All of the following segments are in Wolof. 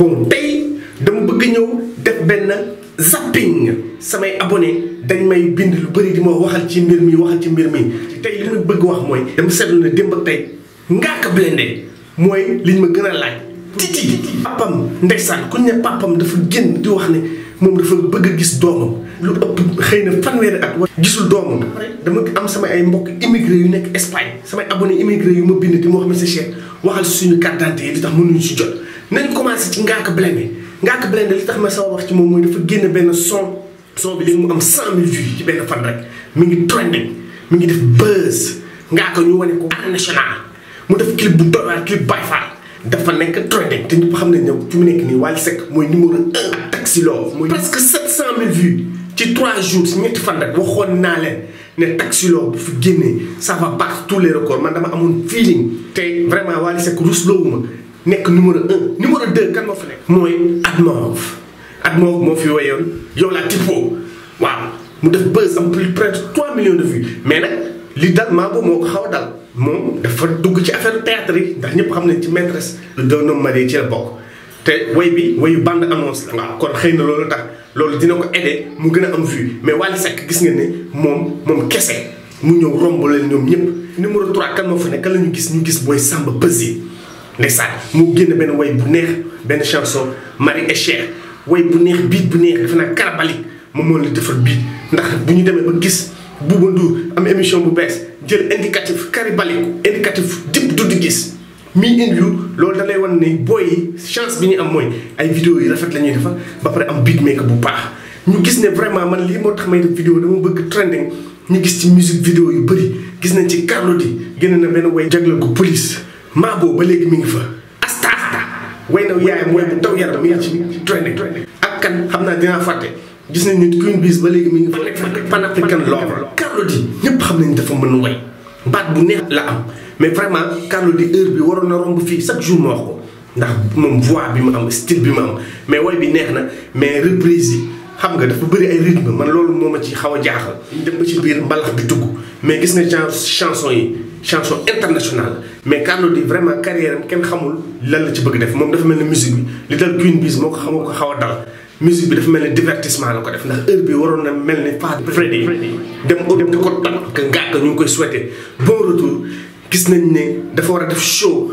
bon tey dama bëgg ñëw def benn zapping samay abone dañ may bind lu bëri di moo waxal ci mbir mii waxal ci mbir mi tey li bëgg wax mooy dama seetlu ne démb ak tey Ngaaka Blindé mooy liñ ma gën a laaj titi papam ndeysaan ku ne papam dafa génn di wax ne moom dafa bëgg gis doomam lu ëpp xëy na fanweeri at wa gisul doomam dama am sama ay mbokk immigré yu nekk Espagne samay abonné immigré yu ma bind di ma wax si sa Cheikh waxal suñu carte d'identité yi di tax mënuñu si jot nañ commencé ci Ngaaka Blindé Ngaaka Blindé li tax ma sama wax ci moom mooy dafa génn benn son son bi léegi mu am cent ci benn fan rek mi ngi trending mi ngi def buzz Ngaaka ñu wane ko arène nationale mu def clip bu doy waar clip Baye Fall dafa nekk trending te ñëpp xam ne ñoom fi mu nekk nii Wally Seck mooy numéro un Taxi Love mooy presque sept cent mille vues ci trois jours si ñetti fan rek waxoon naa leen ne Taxi Love bu fi génnee ça va battre tous les records man dama amoon feeling te vraiment Wally Seck rusloowu ma nek numéro 1. numéro 2 kan Admorf, fi nekk. mooy Atmov Atmov mo fi yow la Tipo waaw mu def buzz plus près de 3 millions de vues mais nag li dal Mabo moko xaw a dal mom dafa dugg ci affaire théâtre yi ndax ñëpp xam ci maîtresse ci la te way bi wayu bande annonce la. kon xeyna lolu tax lolu dina ko aider mu gëna am vue mais gis nga ne mom mom kessé mu ñom numéro 3 kan mo gis ñu gis ndeysaan mu génn benn way bu neex chanson Marie et Cher way bu neex biit bu neex a fait moom moo la defar biit ndax bu ñu ba gis am émission bu bees jël indicatif indicatif dib du gis indi chance bi ñu am ay vidéo yi rafet la ñuy ba pare am beat maker bu baax ñu gis vraiment man lii moo tax may def vidéo dama bëgg trending ñu gis ci musique vidéo yu bëri gis nañ ci Carlo di une benn way police Mabo ba légui mi fa asta asta way are Je mooy bu taw yaram mi ci ak kan xamna Je ne gis nit Queen Bis ba mi ngi fa african lover carlo Ne xam dafa mëna way baat bu neex la am mais vraiment carlo di heure bi waro na romb fi chaque jour ndax voix bi am style bi mais way bi mais reprise xam nga dafa bëri rythme man loolu moo ci xaw jaaxal dem ci biir mbalax bi mais chanson chanson internationale mais on vraiment carrière am la musique li Queen dal musique bi dafa mel divertissement la def heure bi na mel Freddy dem dem ñu bon retour ne show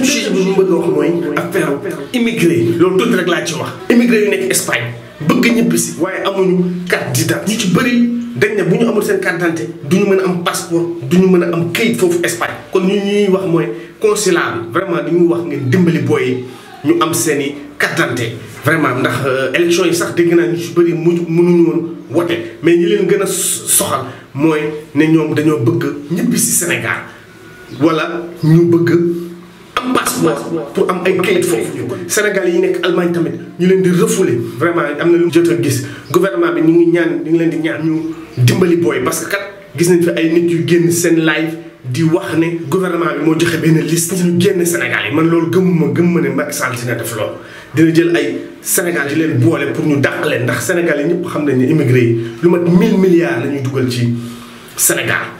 deuxième chose bi mu bëgg wax mooy affaire immigré loolu tuuti rek laa ci wax. immigré yu nekk Espagne bëgg ñëpp si waaye amuñu carte d'identité ñu ci bëri dañ ne bu ñu amul seen carte d'identité du ñu mën a am passeport du ñu mën a am këyit foofu Espagne. kon ñu ñuy wax mooy consulat bi vraiment li ñuy wax ngeen dimbali booy ñu am seen i carte d'identité vraiment ndax euh, élection yi sax dégg naa ñu ci bëri mu mënuñu woon wote mais ñi leen gën a soxal mooy ne ñoom dañoo bëgg ñibbi si wala ñu bëgg. am passeport pour am ay kayit foofu Sénégal yi nekk Allemagne tamit ñu leen di refouler vraiment am na lu jot a gis gouvernement bi ñu ngi ñaan ñu ngi leen di ñaan ñu dimbali booy parce que kat gis nañ fi ay nit yu génn seen live di wax ne gouvernement bi moo joxe benn liste ñu génn Sénégal yi man loolu gëmuma gëmuma ne Macky Sall ne def loolu dina jël ay Sénégal yi leen boole pour ñu dàq leen ndax Sénégal yi ñëpp xam nañ ni immigré yi lu mat 1000 milliards la ñuy dugal ci Sénégal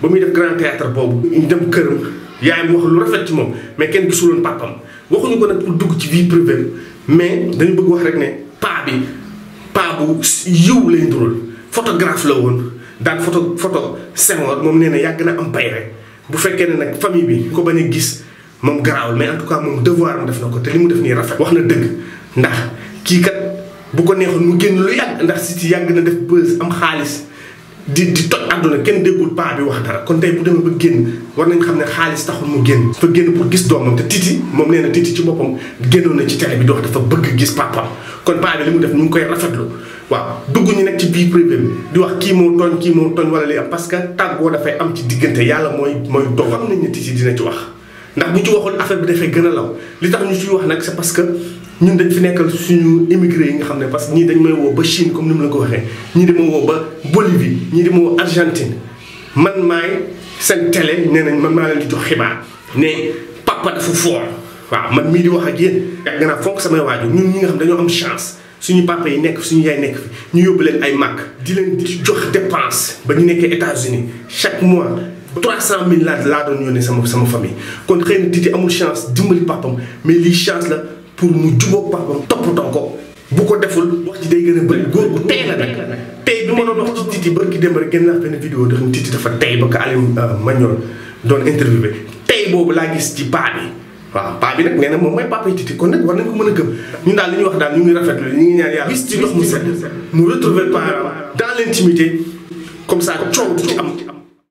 ba muy def grand théâtre boobu ñu dem këram yaay mu wax lu rafet ci moom mais kenn gisuloon papam waxuñu ko nag pour dugg ci vie privée mais dañu bëgg wax rek ne paa bi paa bu yiw lañ dural photographe la woon daan photo photo Senghor moom nee na yàgg na am bay bu fekkee ne nag famille bi ko bañ a gis moom garaawul mais en tout cas moom devoir am def na ko te li mu def nii rafet wax na dëgg ndax kii kat bu ko neexoon mu génn lu yàgg ndax si ci yàgg na def buzz am xaalis di di toj àdduna kenn déggul paa bi wax dara kon tey bu demee ba génn war nañ xam ne xaalis taxul mu génn fa génn pour gis doomam te titi moom nee na titi ci boppam génnoon na ci télé bi di wax dafa bëgg gis papaam kon paa bi li mu def ñu ngi biir privé di wax kii moo tooñ kii moo tooñ wala li am parce que dafay am ci diggante yàlla mooy mooy dogal nañ ne titi dina ci wax ndax bu ci waxul affaire bi dafay gën a law li tax ñu ciy wax nag c'est parce Nous sommes fi nekkal suñu émigré yi nga parce que dañ may ba Chine comme ni mu la ko waxee ñii di Bolivie ñii di Argentine man maay seen télé nee nañ man maa leen di jox xibaar ne papa dafa foor waaw man mii di wax ak chance suñu papa yi nekk suñu yaay nekk ñu yóbbu ay màkk di di jox ba États-Unis chaque mois 300 000 mille laa laa doon yónnee sama sama famille kon xëy Titi amul chance dimbali papam mais lii chance la pour mu jubóog papaam toppatoo ko bu ko deful wax ji day gën a bëri góor gu tey la nag tey bi ma doon wax ci Titi barki démb rek génn naa benn vidéo dafa Titi dafa tey ba ko Aliou euh, Magnol doon interviewé tey boobu laa gis ci paa bi waaw paa bi nag moom mooy papa Titi kon nag war nañ ko mën a gëm ñun daal li wax daal ñu ngi rafetlu ñu ngi ñaan yàlla bis ci ndox mu set mu retrouver parent dans l'intimité comme ça coow du am